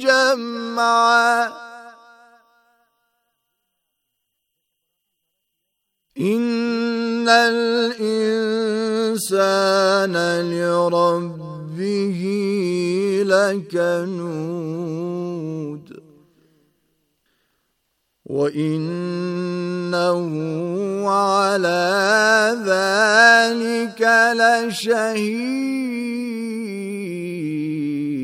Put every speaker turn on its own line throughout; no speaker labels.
جمعا إن الإنسان لربه لكنود وانه على ذلك لشهيد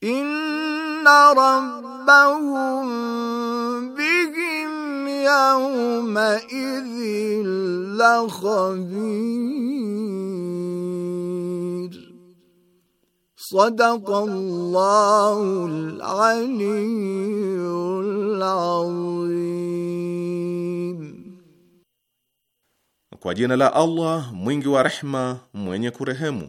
inna rabbahum bihim yawma idhin lakhabir صدق الله العلي العظيم
Kwa jina la Allah mwingi wa rehma mwenye kurehemu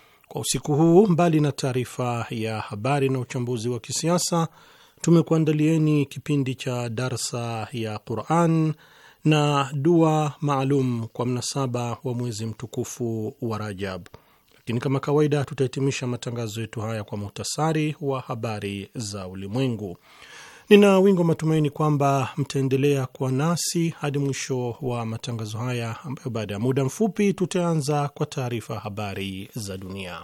Kwa usiku huu, mbali na taarifa ya habari na uchambuzi wa kisiasa, tumekuandalieni kipindi cha darsa ya Quran na dua maalum kwa mnasaba wa mwezi mtukufu wa Rajab. Lakini kama kawaida, tutahitimisha matangazo yetu haya kwa muhtasari wa habari za ulimwengu. Nina wingi wa matumaini kwamba mtaendelea kuwa nasi hadi mwisho wa matangazo haya, ambayo baada ya muda mfupi tutaanza kwa taarifa habari za dunia.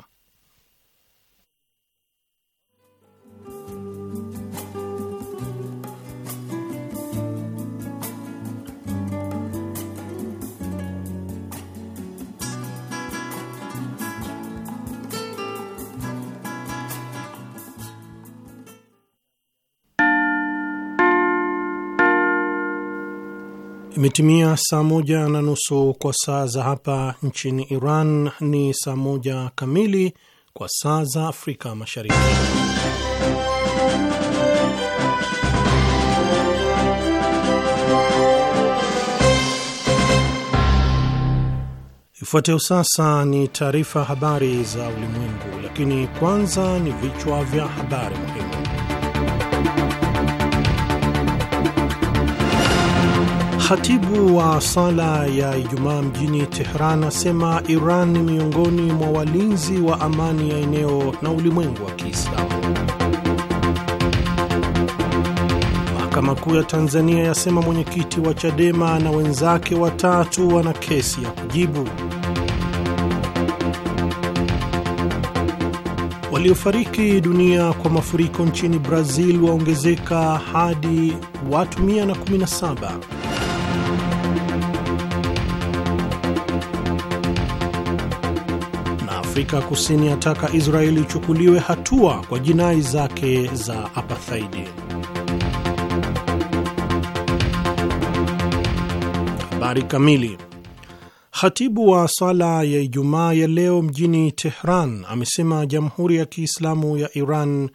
Imetimia saa moja na nusu kwa saa za hapa nchini Iran, ni saa moja kamili kwa saa za Afrika Mashariki. Ifuatayo sasa ni taarifa habari za ulimwengu, lakini kwanza ni vichwa vya habari muhimu. Khatibu wa sala ya Ijumaa mjini Tehran asema Iran ni miongoni mwa walinzi wa amani ya eneo na ulimwengu wa Kiislamu. Mahakama Kuu ya Tanzania yasema mwenyekiti wa Chadema na wenzake watatu wana kesi ya kujibu. Waliofariki dunia kwa mafuriko nchini Brazil waongezeka hadi watu 117. Afrika Kusini ataka Israeli ichukuliwe hatua kwa jinai zake za apathaidi. Habari kamili. Khatibu wa sala ya Ijumaa ya leo mjini Tehran amesema Jamhuri ya Kiislamu ya Iran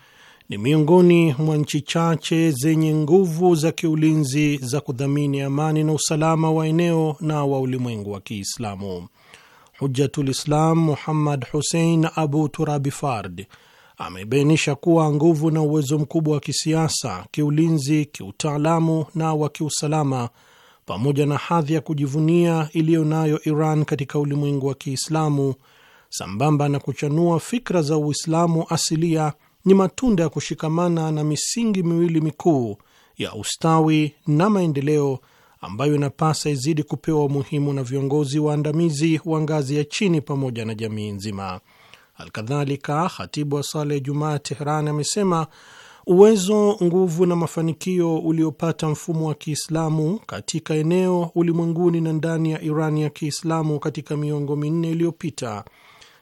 ni miongoni mwa nchi chache zenye nguvu za kiulinzi za kudhamini amani na usalama wa eneo na wa ulimwengu wa Kiislamu. Hujatul Islam Muhammad Hussein Abu Turabi Fard amebainisha kuwa nguvu na uwezo mkubwa wa kisiasa, kiulinzi, kiutaalamu na wa kiusalama pamoja na hadhi ya kujivunia iliyo nayo Iran katika ulimwengu wa Kiislamu sambamba na kuchanua fikra za Uislamu asilia ni matunda ya kushikamana na misingi miwili mikuu ya ustawi na maendeleo ambayo inapasa izidi kupewa umuhimu na viongozi waandamizi wa ngazi ya chini pamoja na jamii nzima. Alkadhalika, khatibu wa sala ya Jumaa Tehran amesema uwezo, nguvu na mafanikio uliopata mfumo wa Kiislamu katika eneo ulimwenguni na ndani ya iran ya Kiislamu katika miongo minne iliyopita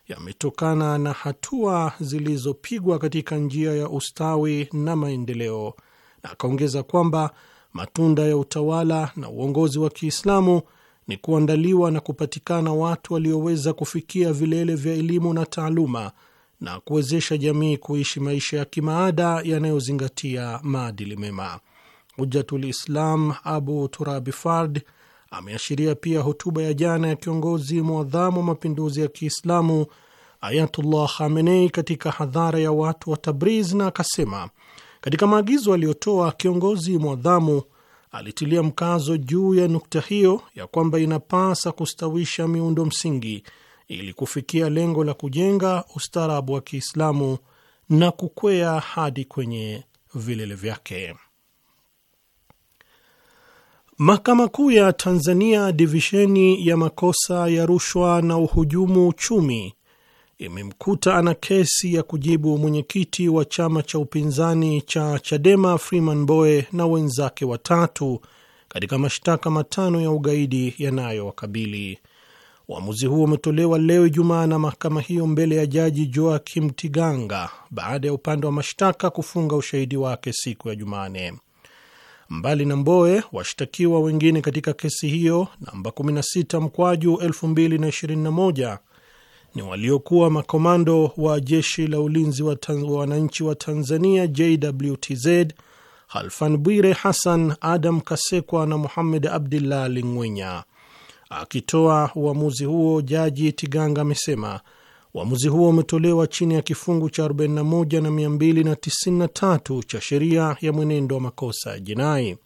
yametokana na hatua zilizopigwa katika njia ya ustawi na maendeleo, na akaongeza kwamba matunda ya utawala na uongozi wa Kiislamu ni kuandaliwa na kupatikana watu walioweza kufikia vilele vya elimu na taaluma na kuwezesha jamii kuishi maisha ya kimaada yanayozingatia maadili mema. Hujjatul Islam Abu Turabi Fard ameashiria pia hotuba ya jana ya kiongozi mwadhamu wa mapinduzi ya Kiislamu Ayatullah Khamenei katika hadhara ya watu wa Tabriz na akasema katika maagizo aliyotoa, kiongozi mwadhamu alitilia mkazo juu ya nukta hiyo ya kwamba inapasa kustawisha miundo msingi ili kufikia lengo la kujenga ustaarabu wa Kiislamu na kukwea hadi kwenye vilele vyake. Mahakama Kuu ya Tanzania divisheni ya makosa ya rushwa na uhujumu uchumi imemkuta ana kesi ya kujibu mwenyekiti wa chama cha upinzani cha Chadema Freeman Mbowe na wenzake watatu katika mashtaka matano ya ugaidi yanayowakabili. Uamuzi huo umetolewa leo Ijumaa na mahakama hiyo mbele ya jaji Joakim Tiganga baada ya upande wa mashtaka kufunga ushahidi wake siku ya Jumane. Mbali na Mboe, washtakiwa wengine katika kesi hiyo namba 16 mkwaju 2021 ni waliokuwa makomando wa jeshi la ulinzi wa wananchi wa Tanzania JWTZ, Halfan Bwire Hassan, Adam Kasekwa na Muhammed abdullah Lingwenya. Akitoa uamuzi huo, Jaji Tiganga amesema uamuzi huo umetolewa chini ya kifungu cha 41 na 293 cha sheria ya mwenendo wa makosa ya jinai.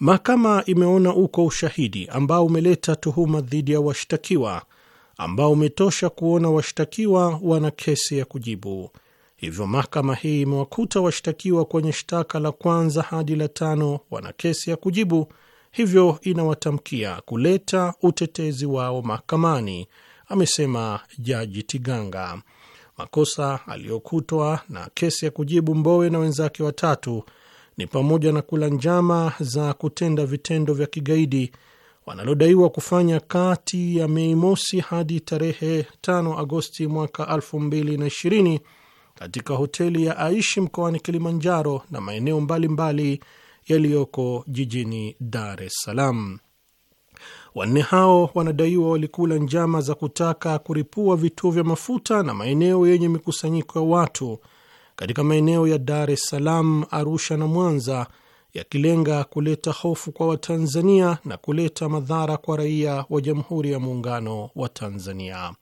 Mahakama imeona uko ushahidi ambao umeleta tuhuma dhidi ya washtakiwa ambao umetosha kuona washtakiwa wana kesi ya kujibu. Hivyo mahakama hii imewakuta washtakiwa kwenye shtaka la kwanza hadi la tano wana kesi ya kujibu, hivyo inawatamkia kuleta utetezi wao mahakamani, amesema Jaji Tiganga. Makosa aliyokutwa na kesi ya kujibu Mbowe na wenzake watatu ni pamoja na kula njama za kutenda vitendo vya kigaidi wanalodaiwa kufanya kati ya Mei mosi hadi tarehe 5 Agosti mwaka 2020 katika hoteli ya Aishi mkoani Kilimanjaro na maeneo mbalimbali yaliyoko jijini Dar es Salaam. Wanne hao wanadaiwa walikula njama za kutaka kuripua vituo vya mafuta na maeneo yenye mikusanyiko ya watu katika maeneo ya Dar es Salaam, Arusha na Mwanza yakilenga kuleta hofu kwa Watanzania na kuleta madhara kwa raia wa Jamhuri ya Muungano wa Tanzania.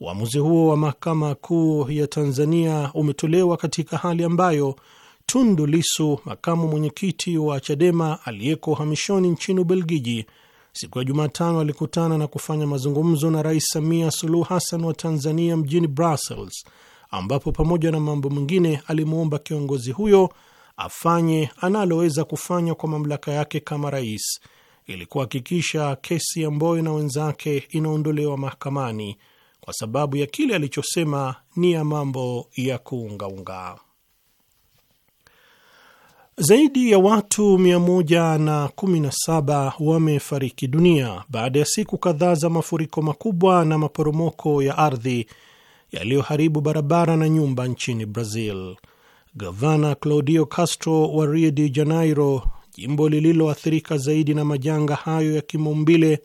Uamuzi huo wa Mahakama Kuu ya Tanzania umetolewa katika hali ambayo Tundu Lisu, makamu mwenyekiti wa Chadema aliyeko uhamishoni nchini Ubelgiji, siku ya Jumatano alikutana na kufanya mazungumzo na Rais Samia Suluhu Hassan wa Tanzania mjini Brussels, ambapo pamoja na mambo mengine alimwomba kiongozi huyo afanye analoweza kufanya kwa mamlaka yake kama rais ili kuhakikisha kesi ya mboyo na wenzake inaondolewa mahakamani kwa sababu ya kile alichosema ni ya mambo ya kuungaunga. Zaidi ya watu 117 wamefariki dunia baada ya siku kadhaa za mafuriko makubwa na maporomoko ya ardhi yaliyoharibu barabara na nyumba nchini Brazil. Gavana Claudio Castro wa Rio de Janeiro, jimbo lililoathirika zaidi na majanga hayo ya kimaumbile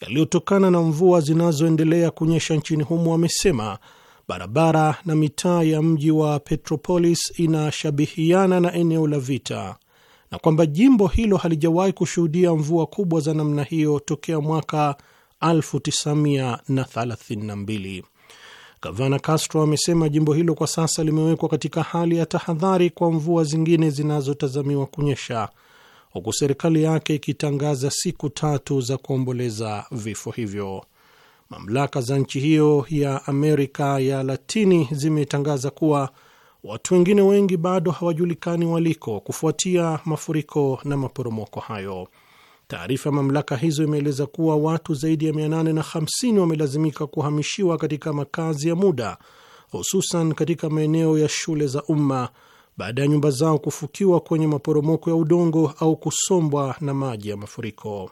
yaliyotokana na mvua zinazoendelea kunyesha nchini humo, amesema barabara na mitaa ya mji wa Petropolis inashabihiana na eneo la vita na kwamba jimbo hilo halijawahi kushuhudia mvua kubwa za namna hiyo tokea mwaka 1932. Gavana Castro amesema jimbo hilo kwa sasa limewekwa katika hali ya tahadhari kwa mvua zingine zinazotazamiwa kunyesha, huku serikali yake ikitangaza siku tatu za kuomboleza vifo hivyo. Mamlaka za nchi hiyo ya Amerika ya Latini zimetangaza kuwa watu wengine wengi bado hawajulikani waliko kufuatia mafuriko na maporomoko hayo. Taarifa ya mamlaka hizo imeeleza kuwa watu zaidi ya 850 wamelazimika kuhamishiwa katika makazi ya muda, hususan katika maeneo ya shule za umma baada ya nyumba zao kufukiwa kwenye maporomoko ya udongo au kusombwa na maji ya mafuriko.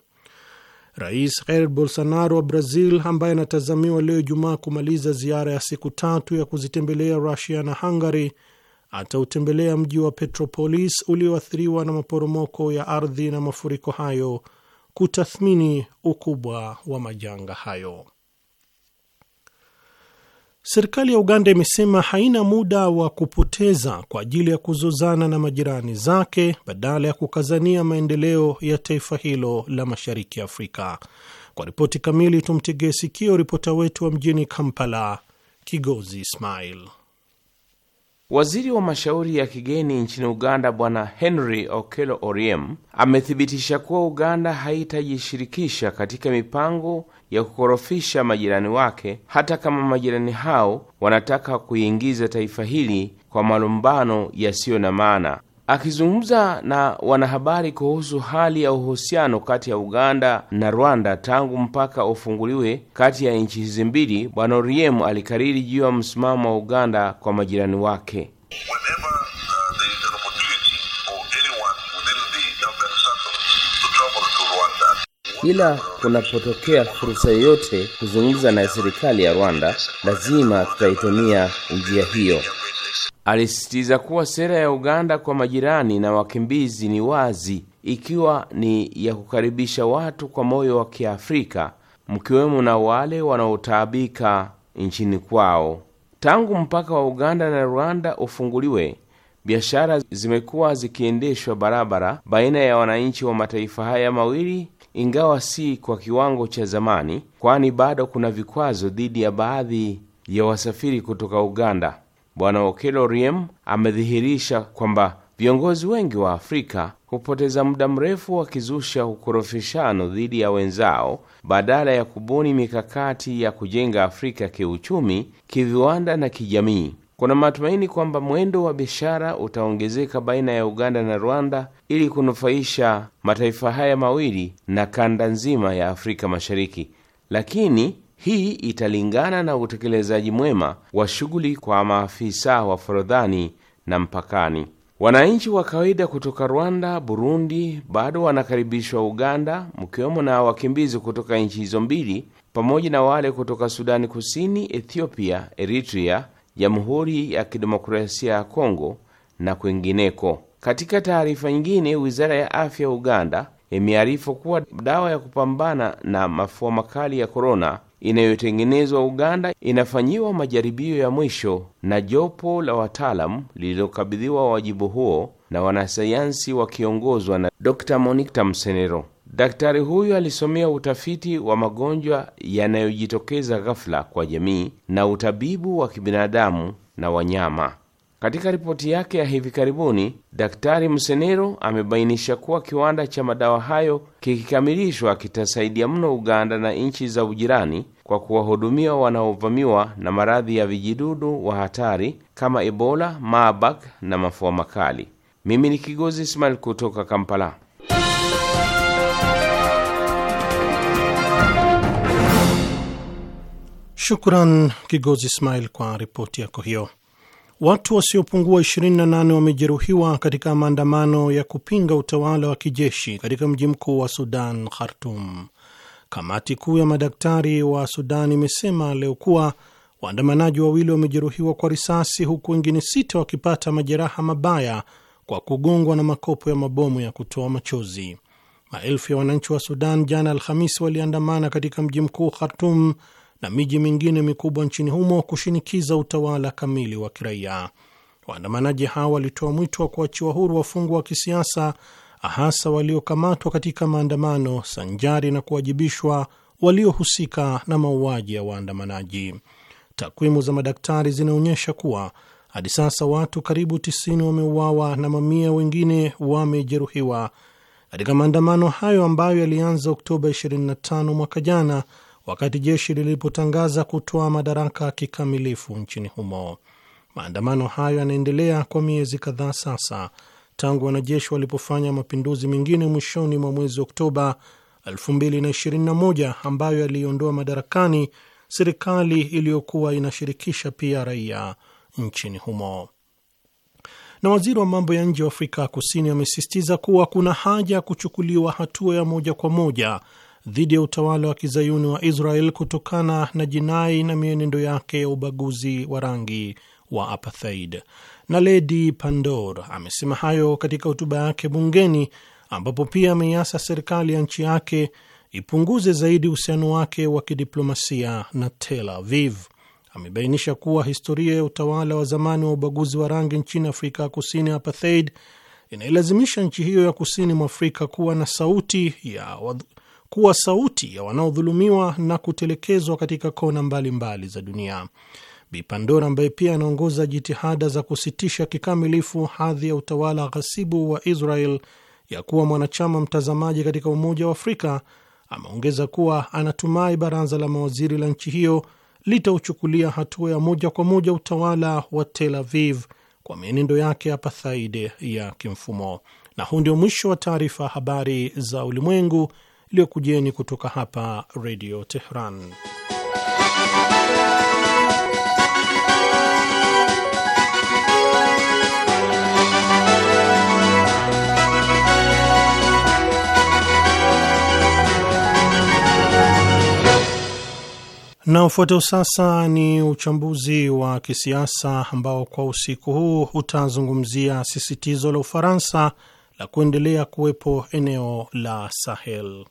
Rais Jair Bolsonaro wa Brazil, ambaye anatazamiwa leo Ijumaa kumaliza ziara ya siku tatu ya kuzitembelea Rusia na Hungary atautembelea mji wa Petropolis ulioathiriwa na maporomoko ya ardhi na mafuriko hayo kutathmini ukubwa wa majanga hayo. Serikali ya Uganda imesema haina muda wa kupoteza kwa ajili ya kuzozana na majirani zake badala ya kukazania maendeleo ya taifa hilo la mashariki Afrika. Kwa ripoti kamili, tumtegee sikio ripota wetu wa mjini Kampala, Kigozi Ismail.
Waziri wa mashauri ya kigeni nchini Uganda Bwana Henry Okello oriem amethibitisha kuwa Uganda haitajishirikisha katika mipango ya kukorofisha majirani wake hata kama majirani hao wanataka kuingiza taifa hili kwa malumbano yasiyo na maana. Akizungumza na wanahabari kuhusu hali ya uhusiano kati ya Uganda na Rwanda tangu mpaka ufunguliwe kati ya nchi hizi mbili, Bwana Oriem alikariri juu ya msimamo wa Uganda kwa majirani wake. Kila uh, kunapotokea fursa yoyote kuzungumza na serikali ya Rwanda, lazima tutaitumia njia hiyo. Alisisitiza kuwa sera ya Uganda kwa majirani na wakimbizi ni wazi, ikiwa ni ya kukaribisha watu kwa moyo wa Kiafrika, mkiwemo na wale wanaotaabika nchini kwao. Tangu mpaka wa Uganda na Rwanda ufunguliwe, biashara zimekuwa zikiendeshwa barabara baina ya wananchi wa mataifa haya mawili, ingawa si kwa kiwango cha zamani, kwani bado kuna vikwazo dhidi ya baadhi ya wasafiri kutoka Uganda. Bwana Okelo Riem amedhihirisha kwamba viongozi wengi wa Afrika hupoteza muda mrefu wakizusha ukorofishano dhidi ya wenzao badala ya kubuni mikakati ya kujenga Afrika kiuchumi, kiviwanda na kijamii. Kuna matumaini kwamba mwendo wa biashara utaongezeka baina ya Uganda na Rwanda ili kunufaisha mataifa haya mawili na kanda nzima ya Afrika Mashariki, lakini hii italingana na utekelezaji mwema wa shughuli kwa maafisa wa forodhani na mpakani. Wananchi wa kawaida kutoka Rwanda, Burundi bado wanakaribishwa Uganda, mkiwemo na wakimbizi kutoka nchi hizo mbili pamoja na wale kutoka Sudani Kusini, Ethiopia, Eritrea, Jamhuri ya Kidemokrasia ya Kongo na kwingineko. Katika taarifa nyingine, wizara ya afya ya Uganda imearifu kuwa dawa ya kupambana na mafua makali ya korona inayotengenezwa Uganda inafanyiwa majaribio ya mwisho na jopo la wataalam lililokabidhiwa wajibu huo na wanasayansi wakiongozwa na Dr. Monique Tamsenero. Daktari huyu alisomea utafiti wa magonjwa yanayojitokeza ghafla kwa jamii na utabibu wa kibinadamu na wanyama. Katika ripoti yake ya hivi karibuni, Daktari Msenero amebainisha kuwa kiwanda cha madawa hayo kikikamilishwa kitasaidia mno Uganda na nchi za ujirani kwa kuwahudumia wanaovamiwa na maradhi ya vijidudu wa hatari kama Ebola, Marburg na mafua makali. Mimi ni Kigozi Ismail kutoka Kampala.
Shukran Kigozi Ismail kwa ripoti yako hiyo. Watu wasiopungua 28 wamejeruhiwa katika maandamano ya kupinga utawala wa kijeshi katika mji mkuu wa Sudan, Khartum. Kamati kuu ya madaktari wa Sudan imesema leo kuwa waandamanaji wawili wamejeruhiwa kwa risasi, huku wengine sita wakipata majeraha mabaya kwa kugongwa na makopo ya mabomu ya kutoa machozi. Maelfu ya wananchi wa Sudan jana Alhamisi waliandamana katika mji mkuu Khartum na miji mingine mikubwa nchini humo kushinikiza utawala kamili wa kiraia. Waandamanaji hao walitoa mwito wa kuachiwa huru wafungwa wa kisiasa, hasa waliokamatwa katika maandamano, sanjari na kuwajibishwa waliohusika na mauaji ya waandamanaji. Takwimu za madaktari zinaonyesha kuwa hadi sasa watu karibu 90 wameuawa na mamia wengine wamejeruhiwa katika maandamano hayo ambayo yalianza Oktoba 25 mwaka jana wakati jeshi lilipotangaza kutoa madaraka kikamilifu nchini humo. Maandamano hayo yanaendelea kwa miezi kadhaa sasa tangu wanajeshi walipofanya mapinduzi mengine mwishoni mwa mwezi Oktoba 2021 ambayo yaliiondoa madarakani serikali iliyokuwa inashirikisha pia raia nchini humo. Na waziri wa mambo ya nje wa Afrika Kusini amesisitiza kuwa kuna haja ya kuchukuliwa hatua ya moja kwa moja dhidi ya utawala wa kizayuni wa Israel kutokana na jinai na mienendo yake ya ubaguzi wa rangi wa apartheid. Na Ledi Pandor amesema hayo katika hotuba yake bungeni, ambapo pia ameiasa serikali ya nchi yake ipunguze zaidi uhusiano wake wa kidiplomasia na Tel Aviv. Amebainisha kuwa historia ya utawala wa zamani wa ubaguzi wa rangi nchini Afrika ya Kusini, apartheid, inailazimisha nchi hiyo ya kusini mwa Afrika kuwa na sauti ya kuwa sauti ya wanaodhulumiwa na kutelekezwa katika kona mbalimbali mbali za dunia. bipandora ambaye pia anaongoza jitihada za kusitisha kikamilifu hadhi ya utawala ghasibu wa Israel ya kuwa mwanachama mtazamaji katika Umoja wa Afrika ameongeza kuwa anatumai baraza la mawaziri la nchi hiyo litauchukulia hatua ya moja kwa moja utawala wa Tel Aviv kwa mienendo yake apathaide ya kimfumo. Na huu ndio mwisho wa taarifa habari za ulimwengu iliyokujieni kutoka hapa Redio Tehran. Na ufuatao sasa ni uchambuzi wa kisiasa ambao kwa usiku huu utazungumzia sisitizo la Ufaransa la kuendelea kuwepo eneo la Sahel.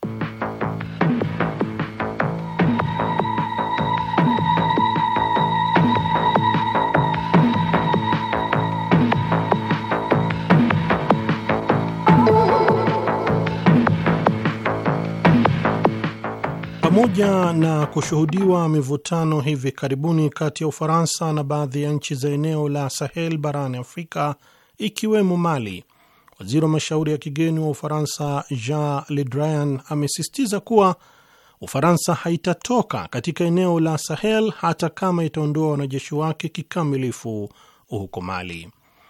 Pamoja na kushuhudiwa mivutano hivi karibuni kati ya Ufaransa na baadhi ya nchi za eneo la Sahel barani Afrika, ikiwemo Mali, Waziri wa mashauri ya kigeni wa Ufaransa Jean Le Drian amesisitiza kuwa Ufaransa haitatoka katika eneo la Sahel hata kama itaondoa wanajeshi wake kikamilifu huko Mali.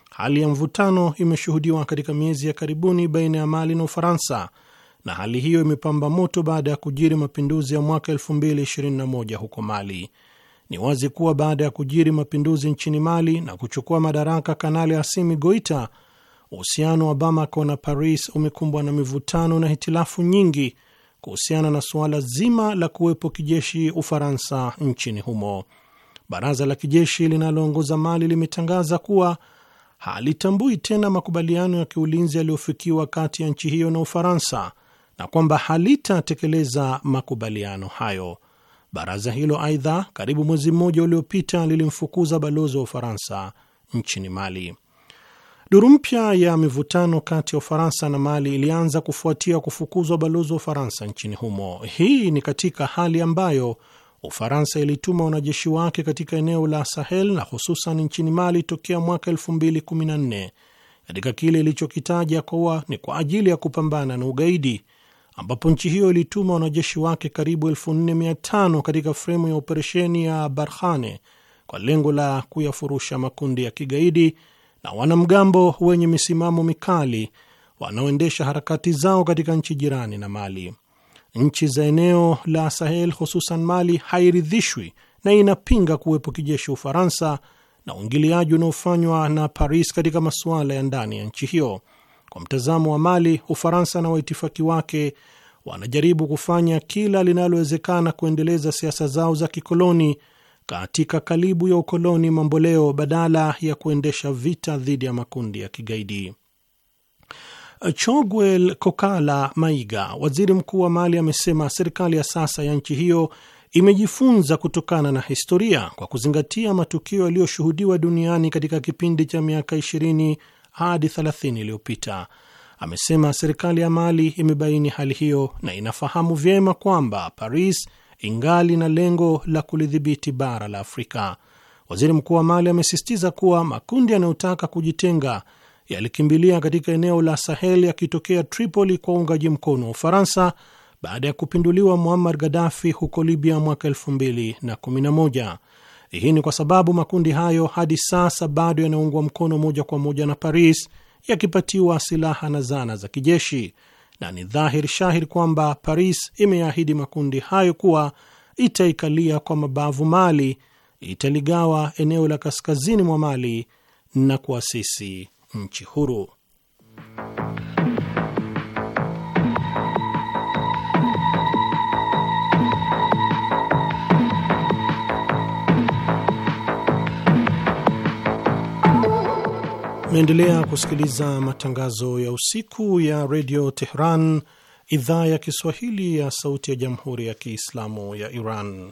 Hali ya mvutano imeshuhudiwa katika miezi ya karibuni baina ya Mali na Ufaransa, na hali hiyo imepamba moto baada ya kujiri mapinduzi ya mwaka 2021 huko Mali. Ni wazi kuwa baada ya kujiri mapinduzi nchini Mali na kuchukua madaraka Kanali Asimi Goita, Uhusiano wa Bamako na Paris umekumbwa na mivutano na hitilafu nyingi kuhusiana na suala zima la kuwepo kijeshi Ufaransa nchini humo. Baraza la kijeshi linaloongoza Mali limetangaza kuwa halitambui tena makubaliano ya kiulinzi yaliyofikiwa kati ya nchi hiyo na Ufaransa na kwamba halitatekeleza makubaliano hayo. Baraza hilo aidha, karibu mwezi mmoja uliopita lilimfukuza balozi wa Ufaransa nchini Mali. Duru mpya ya mivutano kati ya Ufaransa na Mali ilianza kufuatia kufukuzwa balozi wa Ufaransa nchini humo. Hii ni katika hali ambayo Ufaransa ilituma wanajeshi wake katika eneo la Sahel na hususan nchini Mali tokea mwaka 2014 katika kile ilichokitaja kuwa ni kwa ajili ya kupambana na ugaidi, ambapo nchi hiyo ilituma wanajeshi wake karibu 4500 katika fremu ya operesheni ya Barkhane kwa lengo la kuyafurusha makundi ya kigaidi na wanamgambo wenye misimamo mikali wanaoendesha harakati zao katika nchi jirani na Mali. Nchi za eneo la Sahel hususan Mali hairidhishwi na inapinga kuwepo kijeshi Ufaransa na uingiliaji unaofanywa na Paris katika masuala ya ndani ya nchi hiyo. Kwa mtazamo wa Mali, Ufaransa na waitifaki wake wanajaribu kufanya kila linalowezekana kuendeleza siasa zao za kikoloni katika kalibu ya ukoloni mamboleo badala ya kuendesha vita dhidi ya makundi ya kigaidi. Choguel Kokala Maiga, waziri mkuu wa Mali, amesema serikali ya sasa ya nchi hiyo imejifunza kutokana na historia kwa kuzingatia matukio yaliyoshuhudiwa duniani katika kipindi cha miaka 20 hadi 30 iliyopita. Amesema serikali ya Mali imebaini hali hiyo na inafahamu vyema kwamba Paris ingali na lengo la kulidhibiti bara la Afrika. Waziri Mkuu wa Mali amesisitiza kuwa makundi yanayotaka kujitenga yalikimbilia katika eneo la Sahel yakitokea Tripoli kwa uungaji mkono wa Ufaransa baada ya kupinduliwa Muammar Gaddafi huko Libya mwaka 2011. Hii ni kwa sababu makundi hayo hadi sasa bado yanaungwa mkono moja kwa moja na Paris, yakipatiwa silaha na zana za kijeshi na ni dhahir shahir kwamba Paris imeahidi makundi hayo kuwa itaikalia kwa mabavu Mali, italigawa eneo la kaskazini mwa Mali na kuasisi nchi huru. Naendelea kusikiliza matangazo ya usiku ya redio Tehran, idhaa ya Kiswahili ya sauti ya jamhuri ya Kiislamu ya Iran.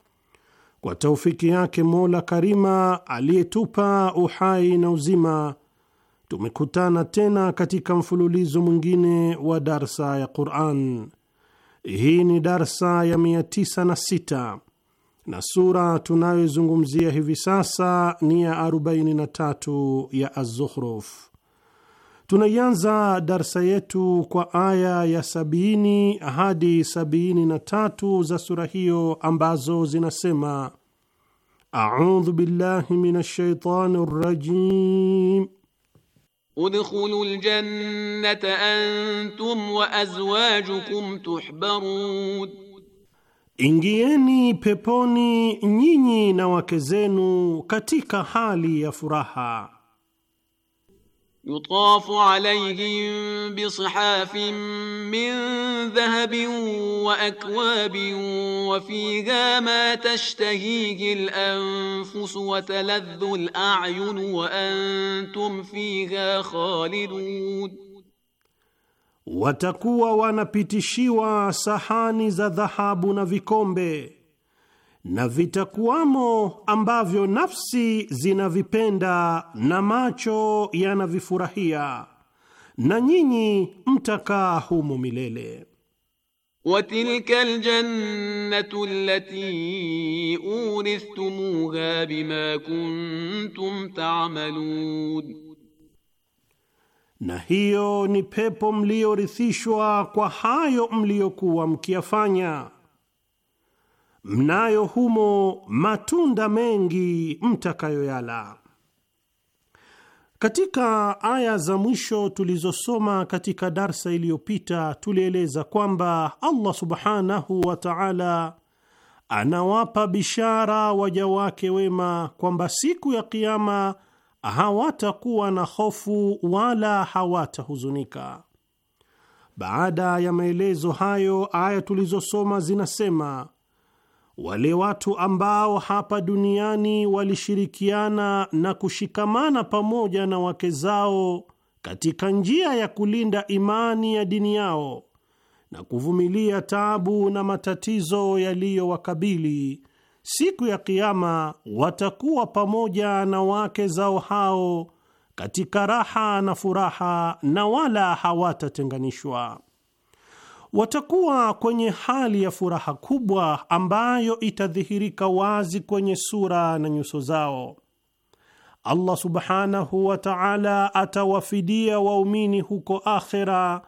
kwa taufiki yake Mola Karima aliyetupa uhai na uzima, tumekutana tena katika mfululizo mwingine wa darsa ya Quran. Hii ni darsa ya 96 na sura tunayoizungumzia hivi sasa ni ya 43 ya Az-Zukhruf. Tunaianza darsa yetu kwa aya ya sabini hadi sabini na tatu za sura hiyo ambazo zinasema: audhu billahi minash shaitani rajim
udkhulu ljannata antum wa azwajukum tuhbarun,
ingieni peponi nyinyi na wake zenu katika hali ya furaha
يطاف عليهم بصحاف من ذهب واكواب وفيها ما تشتهيه الانفس وتلذ الاعين وانتم فيها خالدون
watakuwa wanapitishiwa sahani za dhahabu na vikombe na vitakuwamo ambavyo nafsi zinavipenda na macho yanavifurahia, na nyinyi mtakaa humo milele.
aljannatu allati urithtumuha bima kuntum
ta'malun, na hiyo ni pepo mliyorithishwa kwa hayo mliyokuwa mkiyafanya mnayo humo matunda mengi mtakayoyala. Katika aya za mwisho tulizosoma katika darsa iliyopita, tulieleza kwamba Allah subhanahu wa ta'ala anawapa bishara waja wake wema kwamba siku ya kiama hawatakuwa na hofu wala hawatahuzunika. Baada ya maelezo hayo, aya tulizosoma zinasema wale watu ambao hapa duniani walishirikiana na kushikamana pamoja na wake zao katika njia ya kulinda imani ya dini yao na kuvumilia taabu na matatizo yaliyowakabili, siku ya Kiama watakuwa pamoja na wake zao hao katika raha na furaha, na wala hawatatenganishwa watakuwa kwenye hali ya furaha kubwa ambayo itadhihirika wazi kwenye sura na nyuso zao. Allah subhanahu wa ta'ala atawafidia waumini huko akhera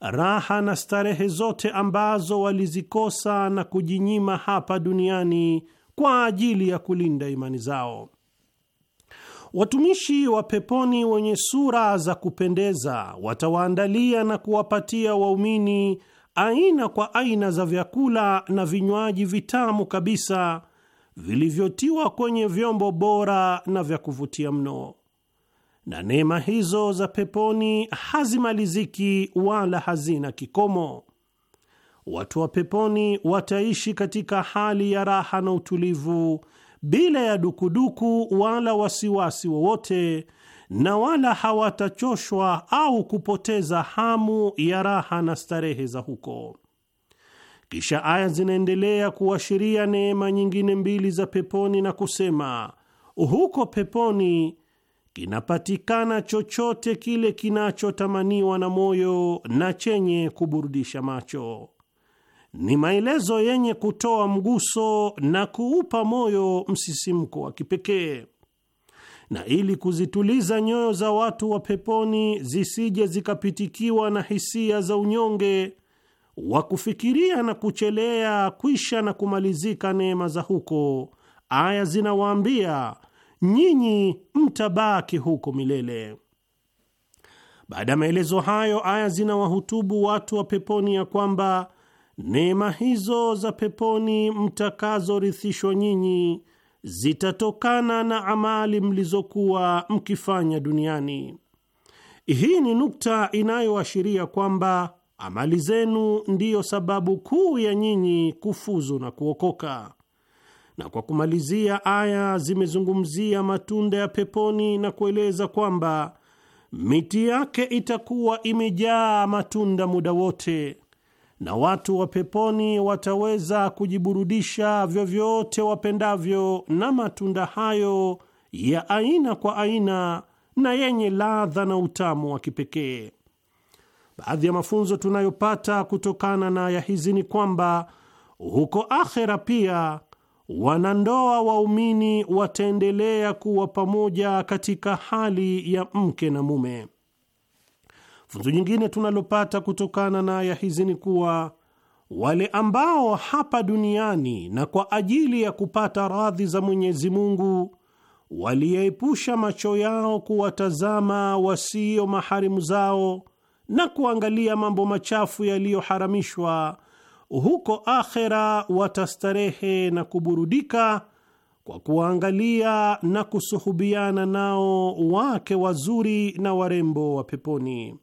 raha na starehe zote ambazo walizikosa na kujinyima hapa duniani kwa ajili ya kulinda imani zao. Watumishi wa peponi wenye sura za kupendeza watawaandalia na kuwapatia waumini aina kwa aina za vyakula na vinywaji vitamu kabisa vilivyotiwa kwenye vyombo bora na vya kuvutia mno, na neema hizo za peponi hazimaliziki wala hazina kikomo. Watu wa peponi wataishi katika hali ya raha na utulivu bila ya dukuduku wala wasiwasi wowote na wala hawatachoshwa au kupoteza hamu ya raha na starehe za huko. Kisha aya zinaendelea kuashiria neema nyingine mbili za peponi na kusema, huko peponi kinapatikana chochote kile kinachotamaniwa na moyo na chenye kuburudisha macho. Ni maelezo yenye kutoa mguso na kuupa moyo msisimko wa kipekee na ili kuzituliza nyoyo za watu wa peponi zisije zikapitikiwa na hisia za unyonge wa kufikiria na kuchelea kwisha na kumalizika neema za huko, aya zinawaambia nyinyi mtabaki huko milele. Baada ya maelezo hayo, aya zinawahutubu watu wa peponi ya kwamba neema hizo za peponi mtakazorithishwa nyinyi zitatokana na amali mlizokuwa mkifanya duniani. Hii ni nukta inayoashiria kwamba amali zenu ndiyo sababu kuu ya nyinyi kufuzu na kuokoka. Na kwa kumalizia, aya zimezungumzia matunda ya peponi na kueleza kwamba miti yake itakuwa imejaa matunda muda wote na watu wa peponi wataweza kujiburudisha vyovyote wapendavyo na matunda hayo ya aina kwa aina na yenye ladha na utamu wa kipekee. Baadhi ya mafunzo tunayopata kutokana na aya hizi ni kwamba huko akhera pia wanandoa waumini wataendelea kuwa pamoja katika hali ya mke na mume. Funzo jingine tunalopata kutokana na aya hizi ni kuwa wale ambao hapa duniani na kwa ajili ya kupata radhi za Mwenyezi Mungu waliyeepusha macho yao kuwatazama wasio maharimu zao na kuangalia mambo machafu yaliyoharamishwa, huko akhera watastarehe na kuburudika kwa kuwaangalia na kusuhubiana nao wake wazuri na warembo wa peponi.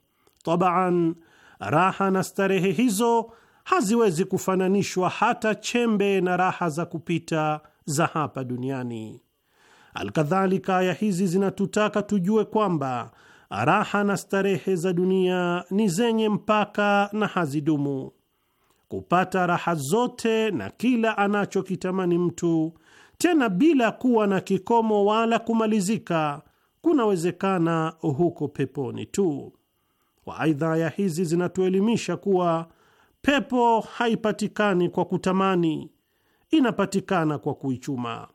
Tabaan, raha na starehe hizo haziwezi kufananishwa hata chembe na raha za kupita za hapa duniani. Alkadhalika, aya hizi zinatutaka tujue kwamba raha na starehe za dunia ni zenye mpaka na hazidumu. Kupata raha zote na kila anachokitamani mtu, tena bila kuwa na kikomo wala kumalizika, kunawezekana huko peponi tu aidha ya hizi zinatuelimisha kuwa pepo haipatikani kwa kutamani, inapatikana kwa kuichuma.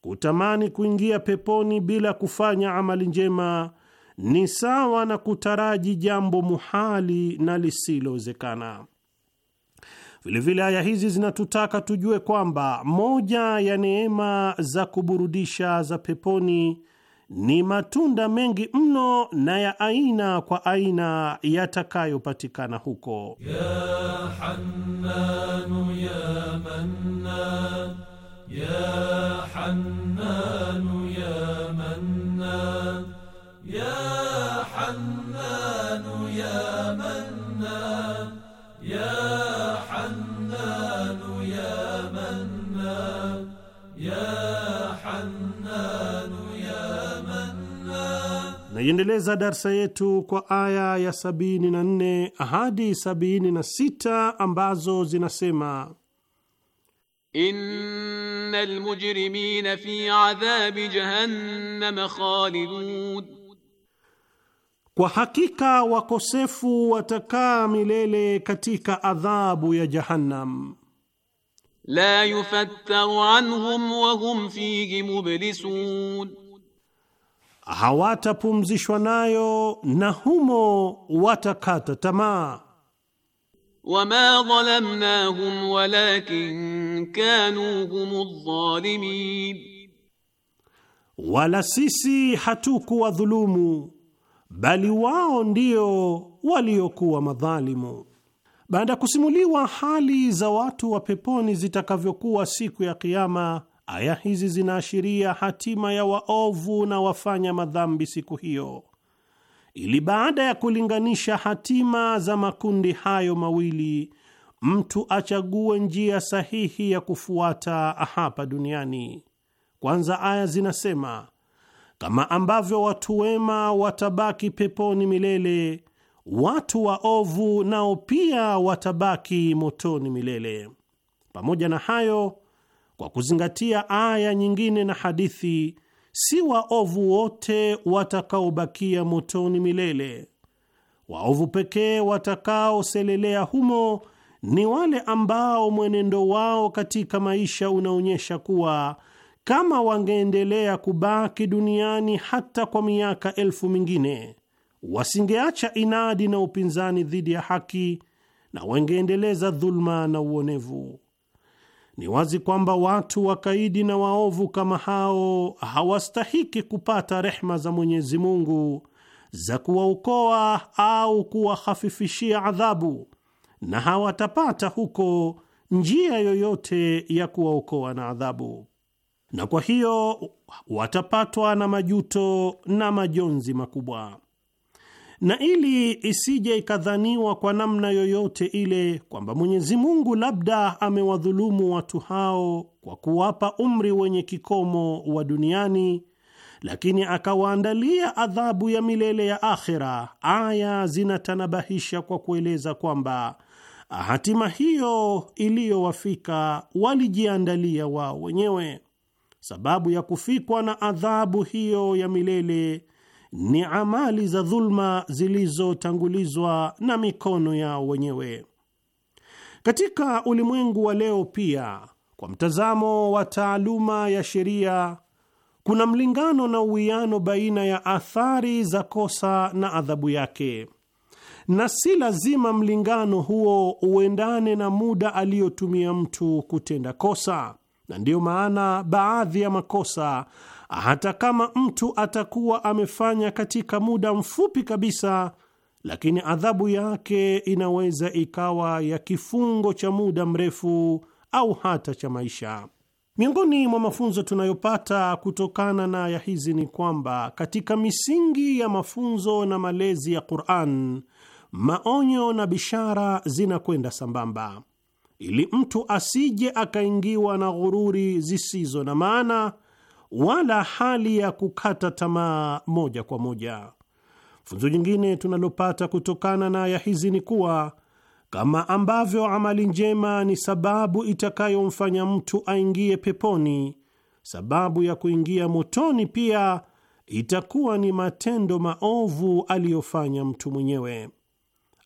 Kutamani kuingia peponi bila kufanya amali njema ni sawa na kutaraji jambo muhali na lisilowezekana. Vilevile aya hizi zinatutaka tujue kwamba moja ya neema za kuburudisha za peponi ni matunda mengi mno na ya aina kwa aina yatakayopatikana huko ya
ya ya ya ya ya ya ya ya
Naiendeleza darsa yetu kwa aya ya 74 hadi 76 ambazo zinasema:
innal mujrimina fi adhabi jahannam khalidun,
kwa hakika wakosefu watakaa milele katika adhabu ya Jahannam.
La yufattaru anhum wa hum fihi mublisun
hawatapumzishwa nayo na humo watakata tamaa.
Wama dhalamnahum walakin kanu humu dhalimin,
wala sisi hatukuwadhulumu bali wao ndio waliokuwa madhalimu. Baada ya kusimuliwa hali za watu wa peponi zitakavyokuwa siku ya kiama Aya hizi zinaashiria hatima ya waovu na wafanya madhambi siku hiyo, ili baada ya kulinganisha hatima za makundi hayo mawili, mtu achague njia sahihi ya kufuata hapa duniani. Kwanza aya zinasema kama ambavyo watu wema watabaki peponi milele, watu waovu nao pia watabaki motoni milele. Pamoja na hayo kwa kuzingatia aya nyingine na hadithi, si waovu wote watakaobakia motoni milele. Waovu pekee watakaoselelea humo ni wale ambao mwenendo wao katika maisha unaonyesha kuwa kama wangeendelea kubaki duniani hata kwa miaka elfu mingine, wasingeacha inadi na upinzani dhidi ya haki na wangeendeleza dhuluma na uonevu. Ni wazi kwamba watu wakaidi na waovu kama hao hawastahiki kupata rehma za Mwenyezi Mungu za kuwaokoa au kuwahafifishia adhabu, na hawatapata huko njia yoyote ya kuwaokoa na adhabu, na kwa hiyo watapatwa na majuto na majonzi makubwa na ili isije ikadhaniwa kwa namna yoyote ile kwamba Mwenyezi Mungu labda amewadhulumu watu hao kwa kuwapa umri wenye kikomo wa duniani, lakini akawaandalia adhabu ya milele ya akhera. Aya zinatanabahisha kwa kueleza kwamba hatima hiyo iliyowafika walijiandalia wao wenyewe. Sababu ya kufikwa na adhabu hiyo ya milele ni amali za dhulma zilizotangulizwa na mikono yao wenyewe. Katika ulimwengu wa leo pia, kwa mtazamo wa taaluma ya sheria, kuna mlingano na uwiano baina ya athari za kosa na adhabu yake, na si lazima mlingano huo uendane na muda aliyotumia mtu kutenda kosa, na ndiyo maana baadhi ya makosa hata kama mtu atakuwa amefanya katika muda mfupi kabisa, lakini adhabu yake inaweza ikawa ya kifungo cha muda mrefu au hata cha maisha. Miongoni mwa mafunzo tunayopata kutokana na aya hizi ni kwamba katika misingi ya mafunzo na malezi ya Qur'an, maonyo na bishara zinakwenda sambamba, ili mtu asije akaingiwa na ghururi zisizo na maana wala hali ya kukata tamaa moja kwa moja. Funzo jingine tunalopata kutokana na aya hizi ni kuwa kama ambavyo amali njema ni sababu itakayomfanya mtu aingie peponi, sababu ya kuingia motoni pia itakuwa ni matendo maovu aliyofanya mtu mwenyewe.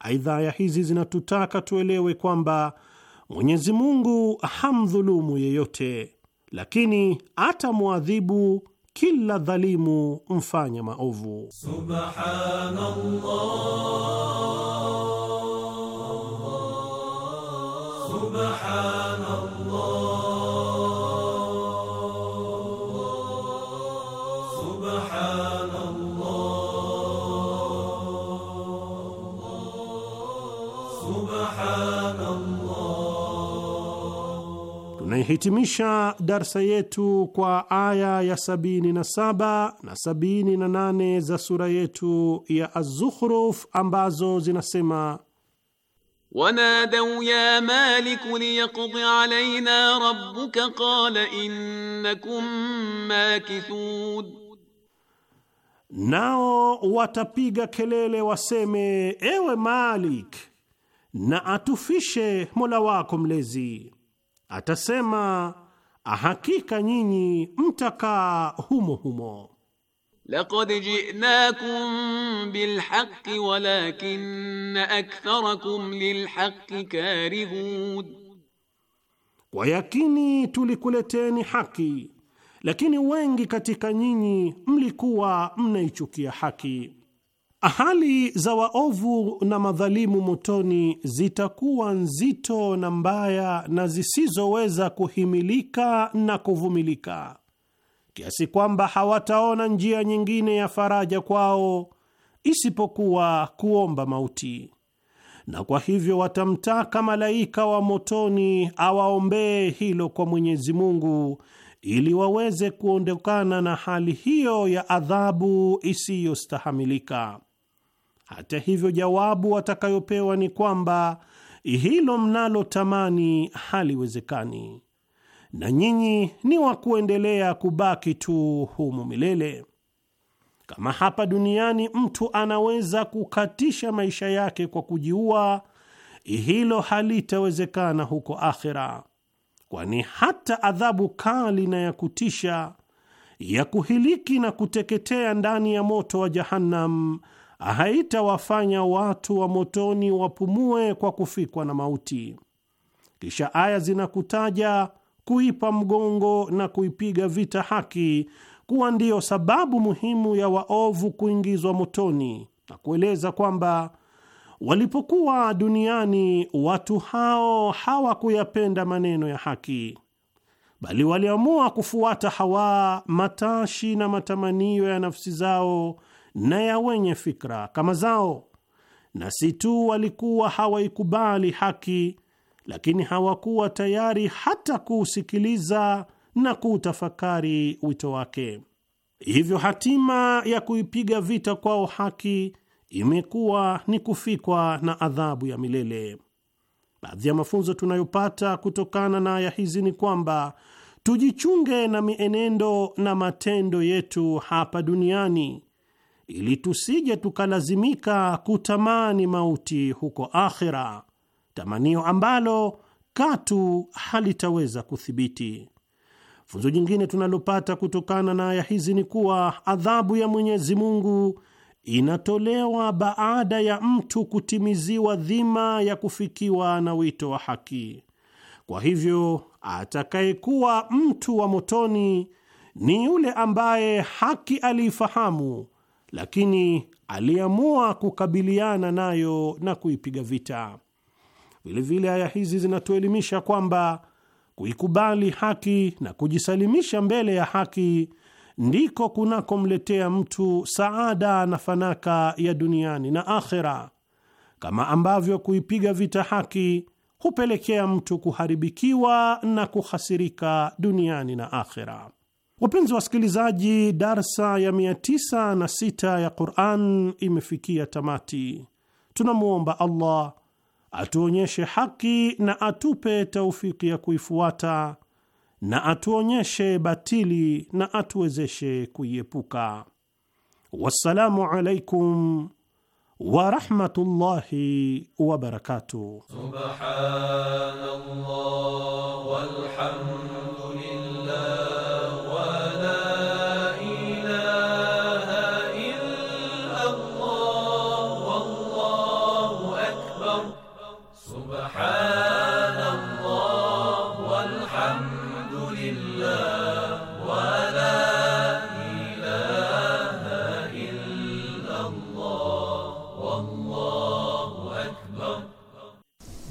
Aidha, aya hizi zinatutaka tuelewe kwamba Mwenyezi Mungu hamdhulumu yeyote lakini atamwadhibu kila dhalimu mfanya maovu. Subhanallah,
Subhanallah.
Tunaihitimisha darsa yetu kwa aya ya 77 na 78 na na za sura yetu ya Az-Zukhruf ambazo zinasema:
wanadau ya maliku liyaqdi alaina rabbuka qala innakum
makithun, nao watapiga kelele waseme, ewe Malik, na atufishe mola wako mlezi Atasema, hakika nyinyi mtakaa humo humo.
Laqad ji'nakum bilhaqqi walakinna aktharakum lilhaqqi karihud,
kwa yakini tulikuleteni haki, lakini wengi katika nyinyi mlikuwa mnaichukia haki. Hali za waovu na madhalimu motoni zitakuwa nzito na mbaya na zisizoweza kuhimilika na kuvumilika kiasi kwamba hawataona njia nyingine ya faraja kwao isipokuwa kuomba mauti, na kwa hivyo watamtaka malaika wa motoni awaombee hilo kwa Mwenyezi Mungu ili waweze kuondokana na hali hiyo ya adhabu isiyostahamilika. Hata hivyo, jawabu watakayopewa ni kwamba hilo mnalotamani haliwezekani na nyinyi ni wa kuendelea kubaki tu humu milele. Kama hapa duniani mtu anaweza kukatisha maisha yake kwa kujiua, hilo halitawezekana huko akhera, kwani hata adhabu kali na ya kutisha ya kuhiliki na kuteketea ndani ya moto wa Jahannam haitawafanya watu wa motoni wapumue kwa kufikwa na mauti. Kisha aya zinakutaja kuipa mgongo na kuipiga vita haki kuwa ndiyo sababu muhimu ya waovu kuingizwa motoni na kueleza kwamba walipokuwa duniani watu hao hawakuyapenda maneno ya haki, bali waliamua kufuata hawa matashi na matamanio ya nafsi zao na ya wenye fikra kama zao, na si tu walikuwa hawaikubali haki, lakini hawakuwa tayari hata kuusikiliza na kuutafakari wito wake. Hivyo hatima ya kuipiga vita kwao haki imekuwa ni kufikwa na adhabu ya milele. Baadhi ya mafunzo tunayopata kutokana na aya hizi ni kwamba tujichunge na mienendo na matendo yetu hapa duniani ili tusije tukalazimika kutamani mauti huko akhira, tamanio ambalo katu halitaweza kuthibiti. Funzo jingine tunalopata kutokana na aya hizi ni kuwa adhabu ya Mwenyezi Mungu inatolewa baada ya mtu kutimiziwa dhima ya kufikiwa na wito wa haki. Kwa hivyo, atakayekuwa mtu wa motoni ni yule ambaye haki aliifahamu lakini aliamua kukabiliana nayo na kuipiga vita. Vilevile, aya hizi zinatuelimisha kwamba kuikubali haki na kujisalimisha mbele ya haki ndiko kunakomletea mtu saada na fanaka ya duniani na akhera, kama ambavyo kuipiga vita haki hupelekea mtu kuharibikiwa na kuhasirika duniani na akhera. Wapenzi wasikilizaji, darsa ya 96 ya Quran imefikia tamati. Tunamwomba Allah atuonyeshe haki na atupe taufiki ya kuifuata na atuonyeshe batili na atuwezeshe kuiepuka. Wassalamu alaikum wa rahmatullahi wa barakatuh.
Subhanallah walhamdulillah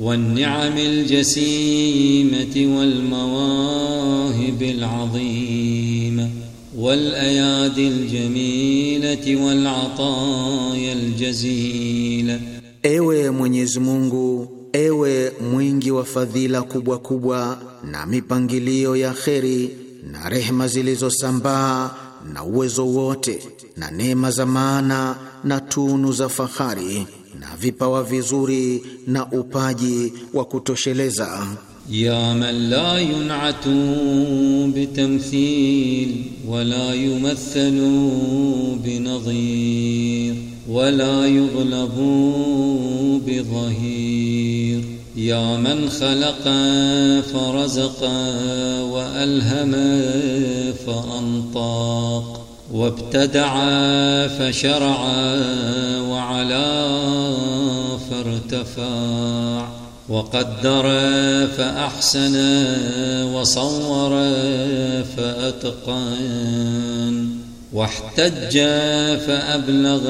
والنعم الجسيمة والمواهب العظيمة والأياد الجميلة والعطايا الجزيلة
Ewe Mwenyezi Mungu, ewe mwingi wa fadhila kubwa kubwa na mipangilio ya kheri na rehema zilizosambaa na uwezo wote na neema za maana na tunu za fahari vipawa vizuri na upaji wa kutosheleza.
ya man la yun'atu bitamthil wala yumathalu binadhir wala yughlabu bidhahir ya man khalaqa farazaqa wa alhama faantaq وابتدعا فشرعا وعلا فارتفع وقدر فأحسن وصور فأتقن واحتج فأبلغ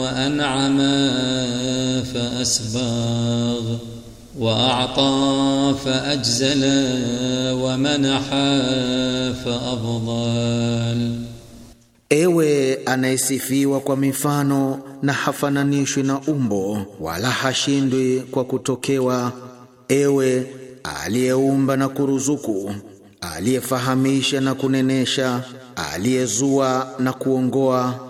وأنعم فأسباغ وأعطى فأجزل
ومنح فأفضل Ewe anayesifiwa kwa mifano na hafananishwi na umbo wala hashindwi kwa kutokewa, ewe aliyeumba na kuruzuku, aliyefahamisha na kunenesha, aliyezua na kuongoa,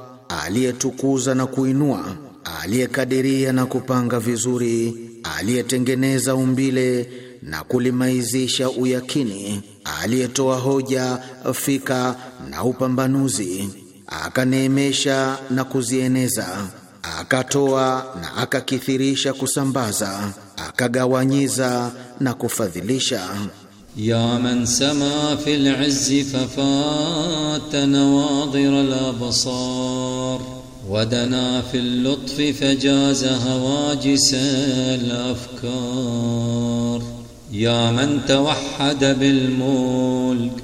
aliyetukuza na kuinua, aliyekadiria na kupanga vizuri, aliyetengeneza umbile na kulimaizisha uyakini, aliyetoa hoja, fika na upambanuzi akaneemesha na kuzieneza, akatoa na akakithirisha kusambaza, akagawanyiza na kufadhilisha.
ya man sama fil izzi fafata nawadira la basar wadana fil lutfi fajaza hawajis al afkar ya man tawahhada bil mulk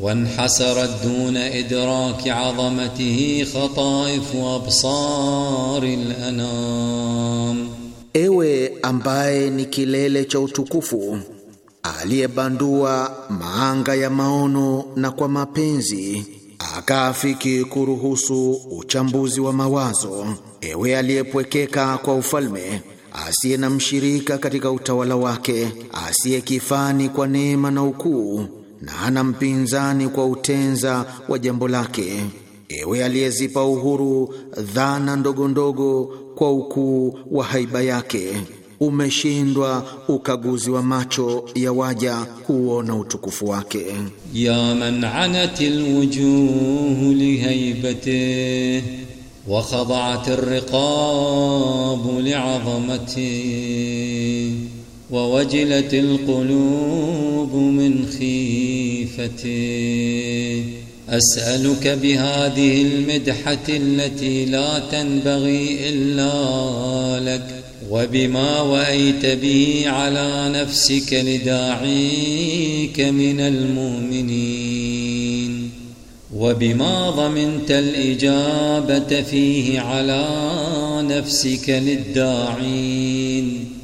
وانحسرت دون إدراك
عظمته خطائف أبصار الأنام Ewe ambaye ni kilele cha utukufu aliyebandua maanga ya maono na kwa mapenzi akaafiki kuruhusu uchambuzi wa mawazo. Ewe aliyepwekeka kwa ufalme, asiye na mshirika katika utawala wake, asiye kifani kwa neema na ukuu na hana mpinzani kwa utenza wa jambo lake. Ewe aliyezipa uhuru dhana ndogo ndogo kwa ukuu wa haiba yake, umeshindwa ukaguzi wa macho ya waja kuona utukufu wake.
ya man anat alwujuh lihaibatihi wa khada'at alriqab li'azamatihi ووجلت القلوب من خيفته أسألك بهذه المدحة التي لا تنبغي إلا لك وبما وأيت به على نفسك لداعيك من المؤمنين وبما ضمنت الإجابة فيه على نفسك للداعين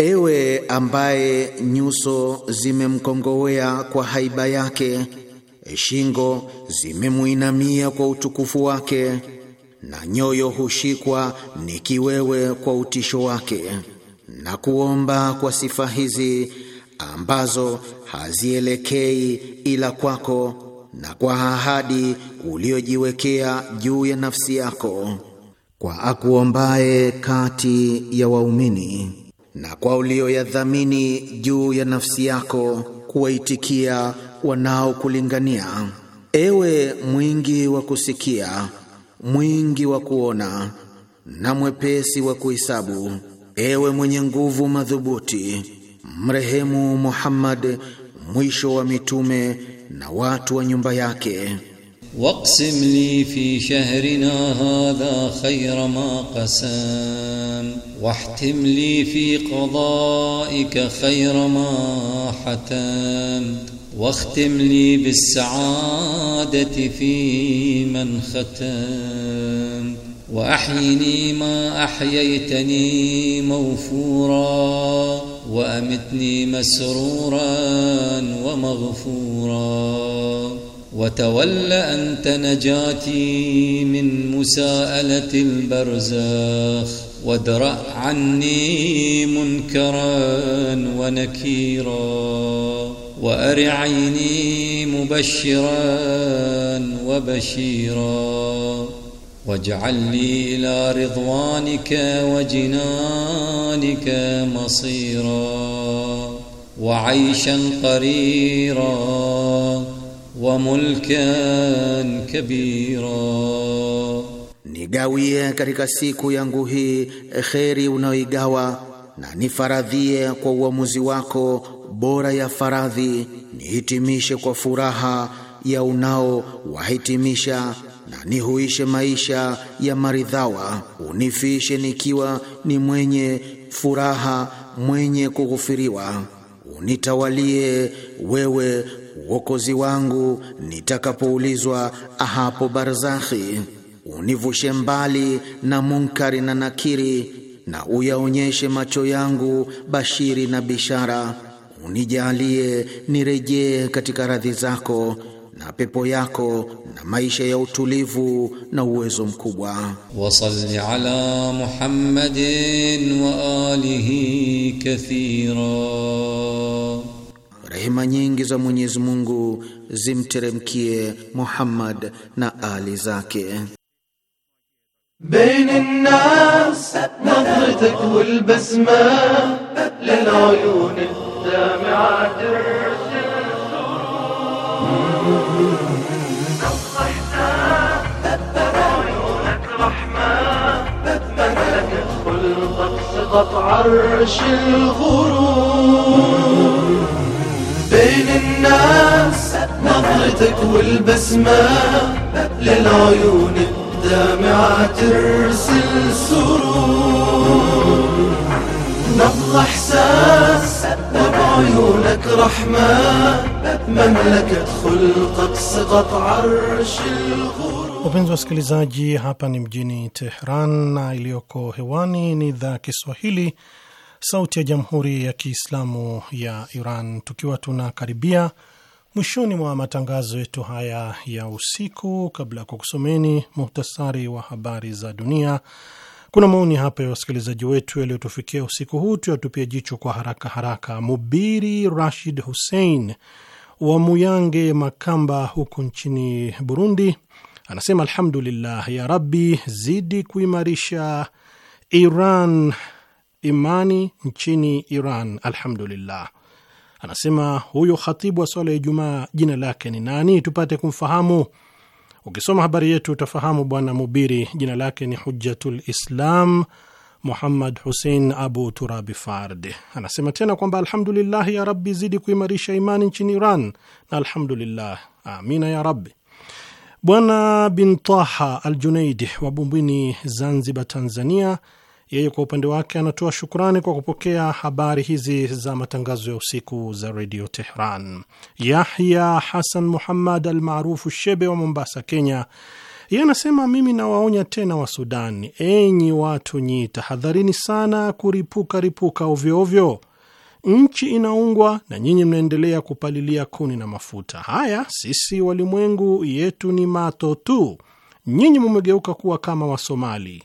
Ewe ambaye nyuso zimemkongowea kwa haiba yake, shingo zimemuinamia kwa utukufu wake, na nyoyo hushikwa ni kiwewe kwa utisho wake, na kuomba kwa sifa hizi ambazo hazielekei ila kwako na kwa ahadi uliojiwekea juu ya nafsi yako, kwa akuombaye kati ya waumini na kwa ulioyadhamini juu ya nafsi yako kuwaitikia wanaokulingania. Ewe mwingi wa kusikia, mwingi wa kuona na mwepesi wa kuhesabu, ewe mwenye nguvu madhubuti, mrehemu Muhammad mwisho wa mitume na watu wa nyumba yake.
waqsim li fi shahrina hadha khayra ma qasam واحتم لي في قضائك خير ما حتم واختم لي بالسعادة في من ختم وأحيني ما أحييتني موفورا وأمتني مسرورا ومغفورا وتول أنت نجاتي من مساءلة البرزخ وادرأ عني منكرا ونكيرا وأر عيني مبشرا وبشيرا واجعل لي إلى رضوانك وجنانك مصيرا وعيشا قريرا وملكا
كبيرا nigawie katika siku yangu hii kheri unayoigawa, na nifaradhie kwa uamuzi wako bora ya faradhi, nihitimishe kwa furaha ya unaowahitimisha na nihuishe maisha ya maridhawa, unifishe nikiwa ni mwenye furaha, mwenye kughufiriwa. Unitawalie wewe uokozi wangu nitakapoulizwa hapo barzakhi univushe mbali na munkari na nakiri, na uyaonyeshe macho yangu bashiri na bishara. Unijalie nirejee katika radhi zako na pepo yako na maisha ya utulivu na uwezo mkubwa.
Wasalli ala
Muhammadin wa alihi kathira, rehema nyingi za Mwenyezi Mungu zimteremkie Muhammad na ali zake. بين
الناس نظرتك والبسمة للعيون الدامعة قطع عرش الغرور بين الناس نظرتك والبسمة للعيون
الدامعة الدمعة ترسل سرور نبض إحساس
وبعيونك رحمة مملكة خلقك سقط عرش
الغرور. Wapenzi wasikilizaji, hapa ni mjini Tehran na iliyoko hewani ni idhaa Kiswahili sauti ya Jamhuri ya Kiislamu ya Iran, tukiwa tunakaribia Mwishoni mwa matangazo yetu haya ya usiku, kabla ya kukusomeni muhtasari wa habari za dunia, kuna maoni hapa ya wasikilizaji wetu yaliyotufikia usiku huu, tuyatupia jicho kwa haraka haraka. Mubiri Rashid Hussein wa Muyange Makamba huku nchini Burundi anasema alhamdulillah, ya Rabbi zidi kuimarisha Iran imani nchini Iran, alhamdulillah Anasema huyo khatibu wa swala ya Ijumaa jina lake ni nani, tupate kumfahamu. Ukisoma habari yetu utafahamu bwana mubiri jina lake ni Hujjatul Islam Muhammad Hussein Abu Turabi Fard. Anasema tena kwamba alhamdulillah, ya Rabbi, zidi kuimarisha imani nchini Iran, na alhamdulillah, amina ya Rabbi. Bwana bin Taha Al Junaidi wa Bumbwini, Zanzibar, Tanzania yeye kwa upande wake anatoa shukrani kwa kupokea habari hizi za matangazo ya usiku za redio Tehran. Yahya Hasan Muhammad maarufu Shebe wa Mombasa, Kenya, yeye anasema mimi nawaonya tena wa Sudan, enyi watu nyi, tahadharini sana kuripuka ripuka ovyoovyo. Nchi inaungwa na nyinyi mnaendelea kupalilia kuni na mafuta. Haya, sisi walimwengu yetu ni mato tu, nyinyi mumegeuka kuwa kama Wasomali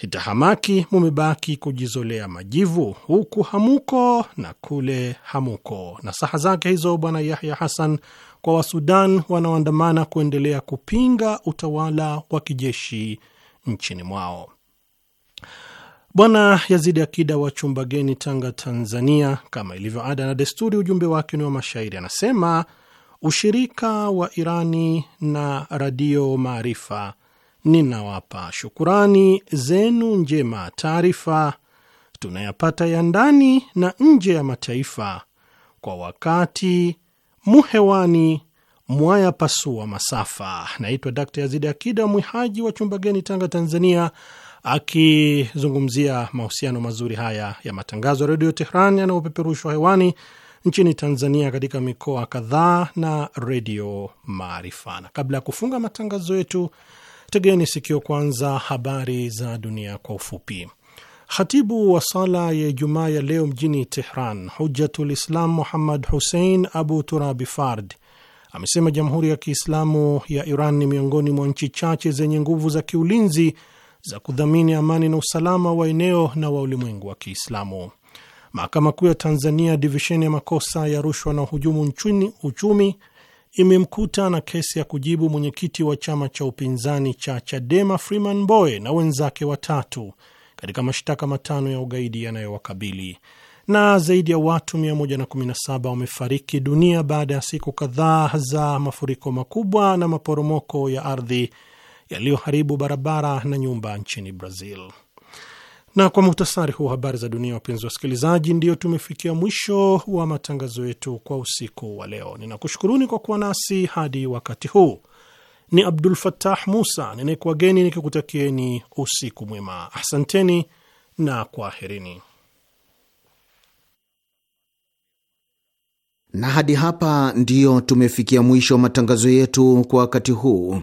Hitahamaki mumebaki kujizolea majivu, huku hamuko na kule hamuko. Na saha zake hizo Bwana Yahya Hassan kwa Wasudan wanaoandamana kuendelea kupinga utawala wa kijeshi nchini mwao. Bwana Yazidi Akida wa geni Tanga, Tanzania, kama ilivyo ada na desturi, ujumbe wake ni wa mashairi, anasema ushirika wa Irani na Radio Maarifa ninawapa shukurani zenu njema. Taarifa tunayapata ya ndani na nje ya mataifa kwa wakati muhewani mwayapasua masafa. Naitwa Dakta Yazidi Akida Mwihaji wa Chumbageni, Tanga, Tanzania, akizungumzia mahusiano mazuri haya ya matangazo ya Redio Tehran yanayopeperushwa hewani nchini Tanzania katika mikoa kadhaa na Redio Maarifa. Na kabla ya kufunga matangazo yetu Tegeni sikio kwanza, habari za dunia kwa ufupi. Khatibu wa sala ya Ijumaa ya leo mjini Tehran, Hujjatul Islam Muhammad Hussein Abu Turabi Fard amesema Jamhuri ya Kiislamu ya Iran ni miongoni mwa nchi chache zenye nguvu za kiulinzi za kudhamini amani na usalama wa eneo na wa ulimwengu wa Kiislamu. Mahakama Kuu ya Tanzania divisheni ya makosa ya rushwa na uhujumu uchumi imemkuta na kesi ya kujibu mwenyekiti wa chama cha upinzani cha Chadema Freeman Mbowe na wenzake watatu katika mashtaka matano ya ugaidi yanayowakabili na zaidi ya watu 117 wamefariki dunia baada ya siku kadhaa za mafuriko makubwa na maporomoko ya ardhi yaliyoharibu barabara na nyumba nchini Brazil. Na kwa muhtasari huu habari za dunia, wapenzi wasikilizaji, ndio tumefikia mwisho wa matangazo yetu kwa usiku wa leo. Ninakushukuruni kwa kuwa nasi hadi wakati huu. Ni Abdul fatah Musa ninayekuwageni nikikutakieni usiku mwema. Asanteni na kwaherini.
Na hadi hapa ndiyo tumefikia mwisho wa matangazo yetu kwa wakati huu.